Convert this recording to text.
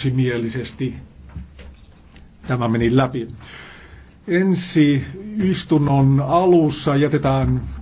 yksimielisesti tämä meni läpi. Ensi istunnon alussa jätetään